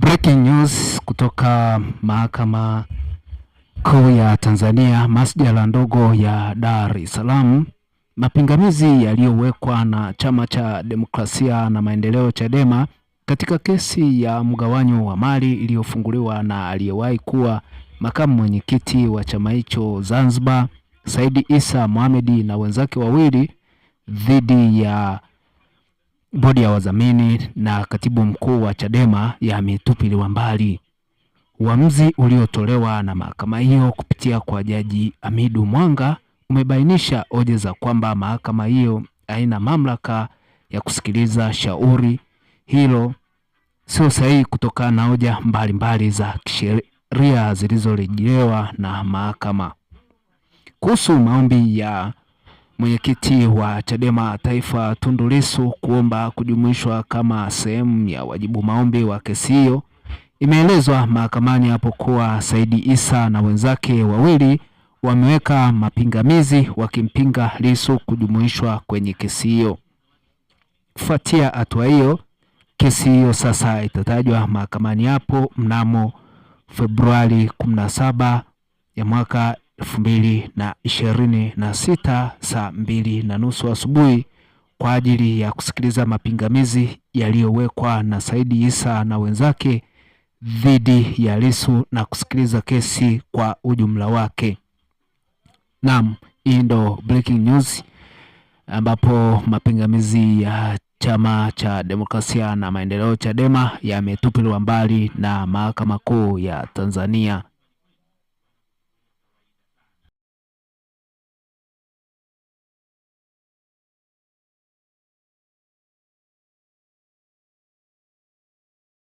Breaking news kutoka Mahakama Kuu ya Tanzania, masjala ndogo ya Dar es Salaam. Mapingamizi yaliyowekwa na Chama cha Demokrasia na Maendeleo Chadema katika kesi ya mgawanyo wa mali iliyofunguliwa na aliyewahi kuwa makamu mwenyekiti wa chama hicho Zanzibar, Saidi Isa Mohamed na wenzake wawili dhidi ya bodi ya wadhamini na katibu mkuu wa Chadema yametupiliwa mbali. Uamuzi uliotolewa na mahakama hiyo kupitia kwa Jaji amidu Mwanga umebainisha hoja za kwamba mahakama hiyo haina mamlaka ya kusikiliza shauri hilo, sio sahihi kutokana na hoja mbalimbali za kisheria zilizorejelewa na mahakama. Kuhusu maombi ya Mwenyekiti wa Chadema Taifa Tundu Lissu kuomba kujumuishwa kama sehemu ya wajibu maombi wa kesi hiyo. Imeelezwa mahakamani hapo kuwa Saidi Isa na wenzake wawili wameweka mapingamizi wakimpinga Lissu kujumuishwa kwenye kesi hiyo. Kufuatia hatua hiyo, kesi hiyo sasa itatajwa mahakamani hapo mnamo Februari 17 ya mwaka elfu mbili na ishirini na sita saa mbili na nusu asubuhi kwa ajili ya kusikiliza mapingamizi yaliyowekwa na Saidi Isa na wenzake dhidi ya Lissu na kusikiliza kesi kwa ujumla wake. Naam, hii ndo breaking news ambapo mapingamizi ya Chama cha Demokrasia na Maendeleo Chadema yametupiliwa mbali na Mahakama Kuu ya Tanzania.